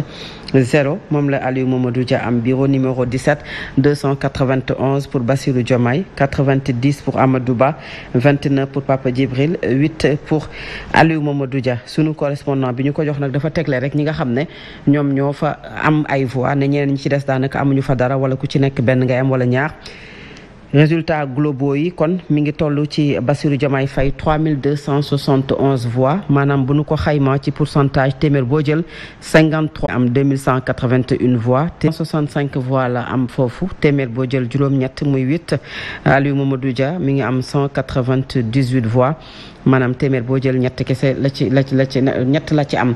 4 0 moom la Aliou Mamadou Dia am bureau numéro 17 291 pour Bassirou Diomaye 90 pour Amadou Ba 29 pour Papa Djibril 8 pour Aliou Mamadou Dia sunu correspondant bi ñu ko jox nag dafa tegle rek ñi nga xam ne ñoom ñoo fa am ay voix ne ñeneen ñi ci des daanaka amuñu fa dara wala ku ci nekk benn nga am wala ñaar résultat globaux yi kon mi ngi toll ci Bassirou Diomaye Faye 3271 voix maanaam bu nu ko xayma ci pourcentage téeméer boo jël 53 am 2181 voix te 65 voix la am foofu téeméer boo jël juróom-ñett muy 8 Aliou Mamadou Dia mi ngi am 198 voix maanaam téeméer boo jël ñett kese la ci la ci la ci ñett la ci am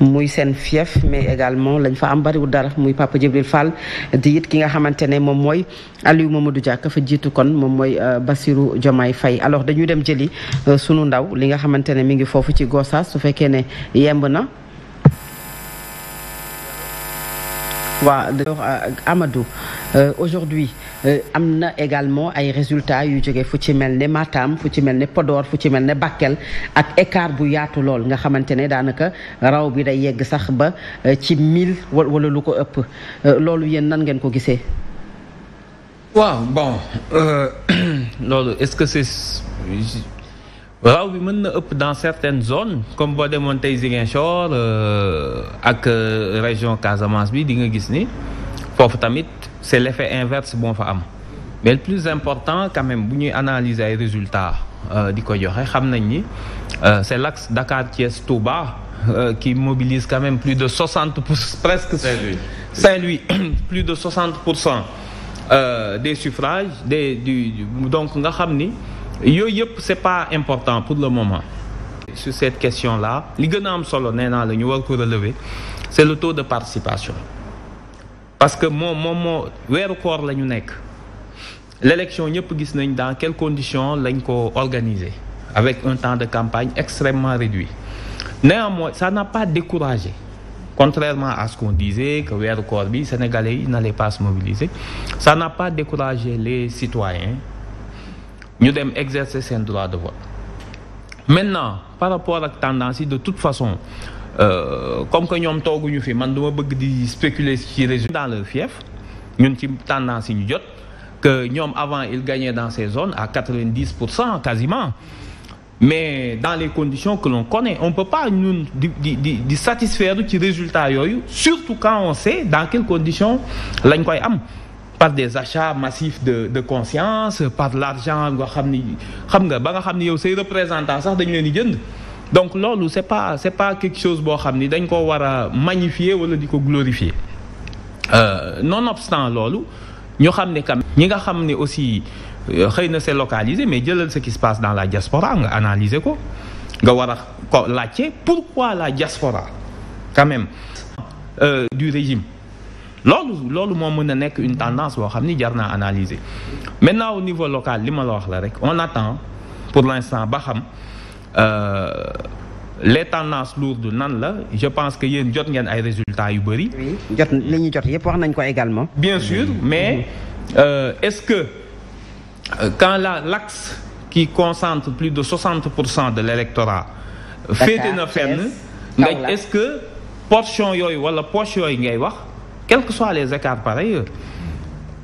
muy seen fief mais également lañ fa am bariwul dara muy Papa Djibril Fall di it ki nga xamante ne moom mooy moom Mamadou du jàkk fa jiitu kon moom mooy euh, Bassirou Diomaye Faye alors dañuy dem jëli euh, sunu ndaw li nga xamante ne mi ngi foofu ci Gossas su fekkee ne yemb na waa euh, Amadou euh, aujourd'hui euh, am na également ay résultats yu jóge fu ci mel ne Matam fu ci mel ne Podor fu ci mel ne Bakel ak écart bu yaatu lool nga xamante ne daanaka raw bi day yegg sax ba ci mille wala lu ko ëpp loolu yéen nan ngeen ko gisee. waaw bon loolu est-ce que raw bi mën na ëpp dans certaines zones comme boo demoon tey Ziguinchor euh, ak euh, région Casamance bi di nga gis ni foofu tamit c'est l'effet inverse bon fa am mais le plus important quand même bu ñuy analyser ay résultats euh, di koy joxe xam nañ ni c'est l'axe Dakar Thiès Touba qui mobilise quand même plus de 60 pour presque Saint-Louis Saint-Louis plus de 60 pour cent des sufrage des donc nga xam ni yooyu yëpp c'est pas important pour le moment sur cette question là li gën a am solo nee naa la ñu war ko relever c'est le taux de participation parce que moom moom moo weeru koor la ñu nekk l'élection ñëpp gis nañ dans quelles conditions lañ ko organiser avec un temps de campagne extrêmement réduit néanmoins ça n'a pas découragé contrairement à ce qu'on disait que weeru koor bi sénégalais yi n'allaient pas se mobiliser ça n'a pas découragé les citoyens ñu dem exercer seen droit de vote maintenant par rapport ak tendance yi de toute façon euh, comme que ñoom tooguñu fi man du bëgg di spéculer ci résultat dans leur fief ñun ci tendance yi ñu jot que ñoom avant ils gagnaient dans ces zones à quatre-vingt-dix pour cent quasiment mais dans les conditions que l'on connaît on peut pas ñun di di di di satisfaire ci résultat yooyu surtout quand on sait dans quelles conditions lañ koy am par des achats massifs de de conscience par l'argent nga xam ni xam nga ba nga xam ni yow say représentants sax dañu leen di jënd donc loolu c'est pas c'est pas quelque chose boo xam ni dañ ko war a magnifier wala di ko glorifier euh, nonobstant loolu ñu xam ne kam ñi nga xam ni aussi euh, xëy na c'est localisé mais jëlal ce qui se passe dans la diaspora nga analyser ko nga war a ko laajte pourquoi la diaspora quand même euh, du régime loolu loolu moo mën a nekk une tendance boo xam ni jar naa analyser au niveau local li ma la wax la rek on attend pour l'instant ba xam euh, les tendances lourdes nan la je pense que yéen jot ngeen ay résultats yu bëri. oui jot li ñu jot yëpp wax nañ ko également. bien sûr mais euh, est-ce que euh, quand la l'axe qui concentre plus de 60 pour cent de l'électorat féete na fenn nga est-ce que portion yooyu wala poche yooyu ngay wax. quels que soient les écarts par ailleurs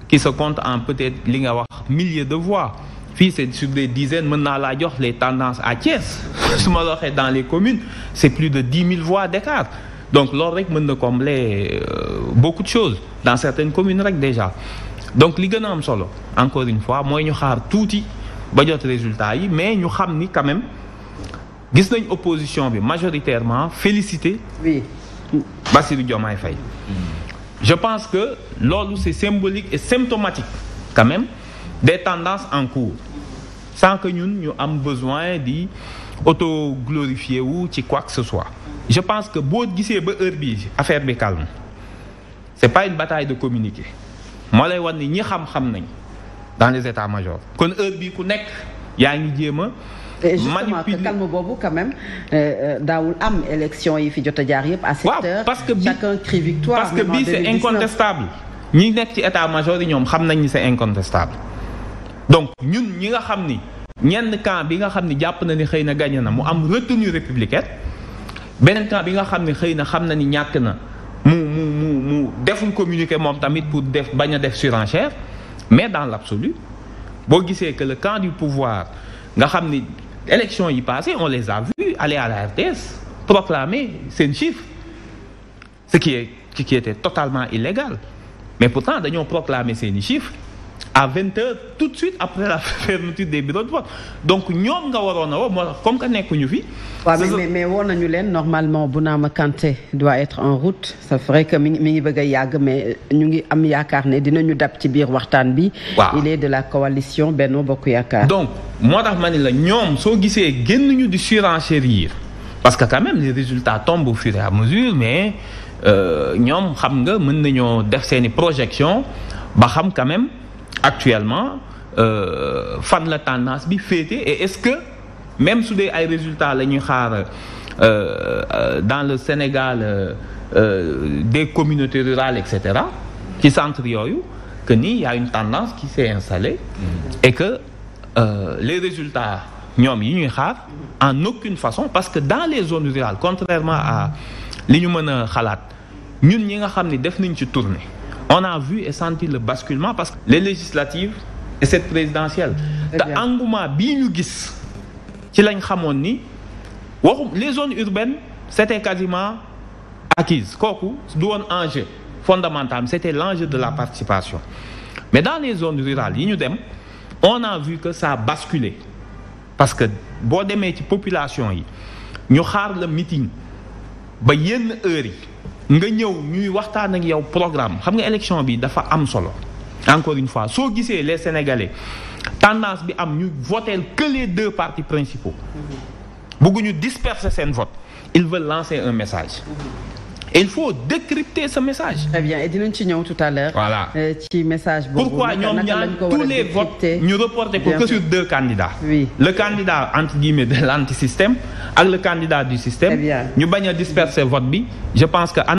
qui se comptent en peut-être li nga wax milliers de voix fii c'est sur des dizaines mën naa la jox les tendance à Thiès su ma la waxee dans les communes c'est plus de dix mille voix d'écart donc loolu rek mën na combler euh, beaucoup de choses dans certaines communes rek déjà donc li gën a am solo encore une fois mooy ñu xaar tuuti ba jot résultat yi mais ñu xam ni quand même gis nañ opposition bi majoritairement félicité. oui Bassirou Diomaye Faye. je pense que loolu c'est symbolique et symptomatique quand même des tendances en cours sans que ñun ñu am besoin di auto glorifier wu ci quoi que ce soit je pense que boo gisee ba heure bii affaire bi calme c'est pas une bataille de communiquer moo lay wan ni ñi xam-xam nañ dans les états majors kon heure bii ku nekk yaa ngi jéem et justement que calme boobu quand même euh, euh, daawul am élection yi fi jot a jaar yëpp. a sept heures parce que bi chacun crie victoire. parce c'est incontestable. ñi nekk ci état major yi ñoom xam nañ se c'est incontestable. donc ñun ñi nga xam ni ñenn camp bi nga xam ni jàpp na ni xëy na gagné na mu am retenue républicaine beneen camp bi nga xam ni xëy na xam na ni ñàkk na mu mu mu mu defuñ communiqué moom tamit pour def bañ a def surenchère mais dans l'absolu boo gisee que le camp du pouvoir nga xam ni élections yi passées on les a vus aller à la RTS proclamer seen chiffre ce qui est ce qui était totalement illégal mais pourtant dañoo proclamer seen i chiffres à vingt heures tout de suite après la fermeture des bureaux de donc ñoom nga waroon a woo moo tax comme que nekkuñu fi. waaw mais mais woo nañu leen normalement Bounama Kanté doit être en route c'est vrai que mi ngi mi ngi bëgg a yàgg mais ñu ngi am yaakaar ne dinañu dab ci biir waxtaan bi. waaw il est de la coalition Benno Bokk Yaakaar. donc moo tax ma ne la ñoom soo gisee génnuñu di surenchérir parce que quand même les résultats tombent au fur et à mesure mais euh, ñoom xam nga mën nañoo def seeni projection ba xam quand même. actuellement euh, fan la tendance bi féete et est-ce que même su dee ay résultats la ñuy xaar euh, euh, dans le Sénégal des communautés rurales et cetera ci centre yooyu que nii y a une tendance qui s'est installée et que les résultats ñoom yi ñuy xaar en aucune façon parce que dans les zones rurales contrairement à li ñu mën a xalaat ñun ñi nga xam ni def nañ ci tournée on a vu et senti le basculement parce que les législatives et cette présidentielle te engouement bii ñu gis ci lañ xamoon ni waxum les zones urbaines c'était quasiment acquise kooku du woon enjeu fondamental c'était l'enjeu de la participation mais dans les zones rurales yi ñu dem on a vu que ça a parce que boo demee ci population yi ñu xaar le meeting ba yenn yi nga ñëw ñuy waxtaan ak yow programme xam nga élection bi dafa am solo encore une fois soo gisee les sénégalais tendance bi am ñu voter que les deux partis principaux. bëgguñu disperse seen vote il veulent lancer un message. il faut décrypter ce message. très dinañ ci ñëw tout à l'heure voilà euh, ci message boobu. pourquoi ñoom ñaar tous les votes ñu reporté ko que sur deux candidats. le candidat entre guillemets de l'antisystème ak le candidat du système. ñu bañ a disperser vote bi je pense que.